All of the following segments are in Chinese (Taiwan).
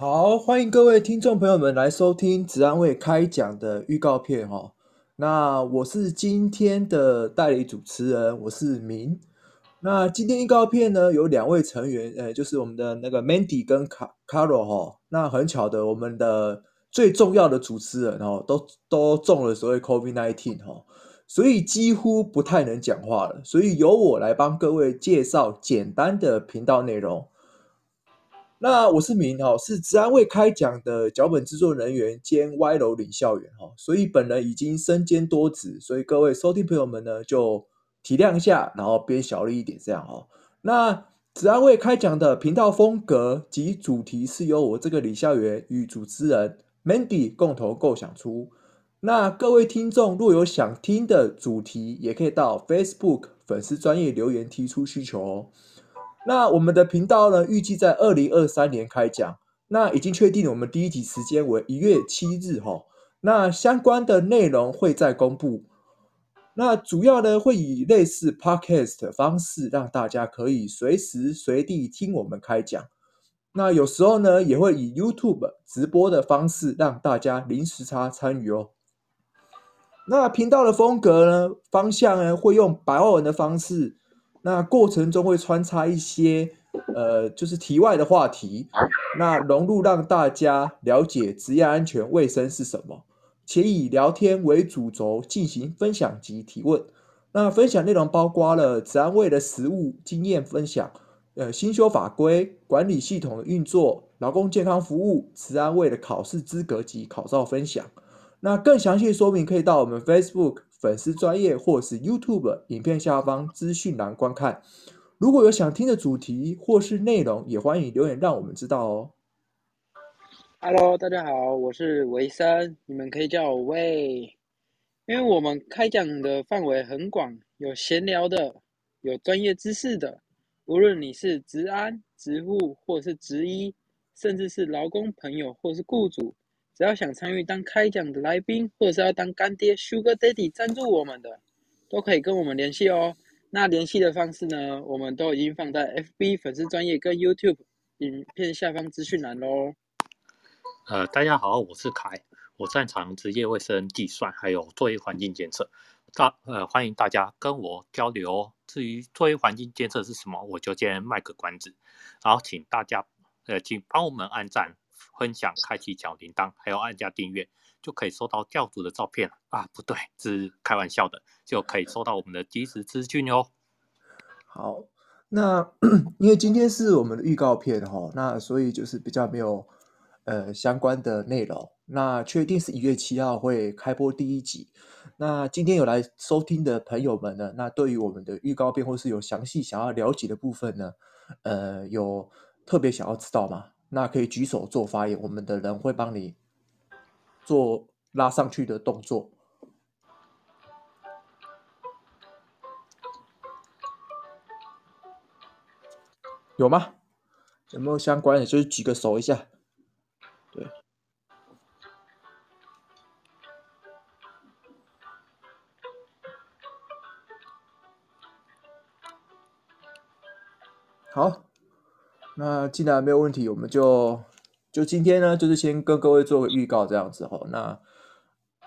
好，歡迎各位聽眾朋友們來收聽職安衛開講的預告片哦。那我是今天的代理主持人，我是明。那今天預告片呢，有兩位成員，呃，就是我們的那個 Mandy 跟 Caro 哈。那很巧的，我們的最重要的主持人哦，都都中了所謂 COVID nineteen 哦，所以幾乎不太能講話了，所以由我來幫各位介紹簡單的頻道內容。那我是明，是職安衛開講的腳本製作人員兼歪樓領校員哈，所以本人已經身兼多職，所以各位收聽朋友們呢就體諒一下，然後邊小了一點這樣。那職安衛開講的頻道風格及主題是由我這個領校員與主持人 Mandy 共同構想出。那各位聽眾若有想聽的主題，也可以到 Facebook 粉絲專頁留言提出需求哦。那我們的頻道呢，預計在二零二三年開講。那已經確定，我們第一集時間為一月七日哈、哦。那相關的內容會再公布。那主要呢會以類似 podcast 的方式，讓大家可以隨時隨地聽我們開講。那有時候呢也會以 YouTube 直播的方式，讓大家臨時差參與哦。那頻道的風格呢，方向呢會用白話文的方式。那過程中會穿插一些，呃，就是題外的話題，那融入讓大家了解職業安全衛生是什麼，且以聊天為主軸進行分享及提問。那分享內容包括了職安衛的實務經驗分享，呃，新修法規管理系統的運作，勞工健康服務、職安衛的考試資格及考照分享。那更詳細說明可以到我們 Facebook。粉絲專頁，或是 YouTube 影片下方資訊欄觀看。如果有想聽的主題或是內容，也歡迎留言讓我們知道哦。Hello，大家好，我是維森，你們可以叫我喂。因為我們開講的範圍很廣，有閒聊的，有專業知識的。無論你是職安、職護或是職醫，甚至是勞工朋友或是雇主。只要想參與當開講的來賓，或者是要當乾爹 （Sugar Daddy） 贊助我們的，都可以跟我們聯繫哦。那聯繫的方式呢，我們都已經放在 FB 粉絲專頁跟 YouTube 影片下方資訊欄嘍。呃，大家好，我是凱，我擅長職業衛生計算還有作業環境監測，大呃歡迎大家跟我交流哦。至於作業環境監測是什麼，我就先賣個關子。好，請大家呃，請幫我們按讚。分享、開啟小鈴鐺，還有按下訂閱，就可以收到教主的照片了啊！不對，是開玩笑的，就可以收到我們的即時資訊喲、哦。好，那因為今天是我們的預告片哈，那所以就是比較沒有呃相關的內容。那確定是一月七號會開播第一集。那今天有來收聽的朋友們呢，那對於我們的預告片或是有詳細想要了解的部分呢，呃，有特別想要知道嗎？那可以舉手做發言，我們的人會幫你做拉上去的動作。有嗎？有沒有相關的？就是舉個手一下。對。好。那既然沒有問題，我們就就今天呢，就是先跟各位做個預告這樣子吼、哦。那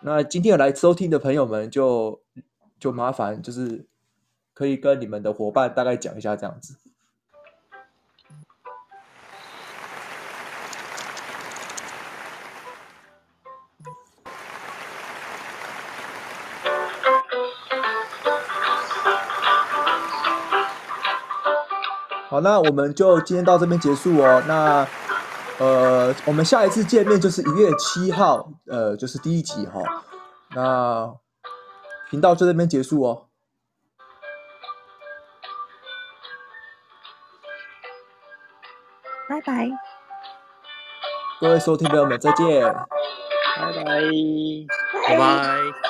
那今天來收聽的朋友們就，就就麻煩就是可以跟你們的夥伴大概講一下這樣子。好，那我們就今天到這邊結束哦。那，呃，我們下一次見面就是一月七號，呃，就是第一集哈、哦。那頻道就這邊結束哦。拜拜，各位收聽朋友們再見，拜拜，拜拜。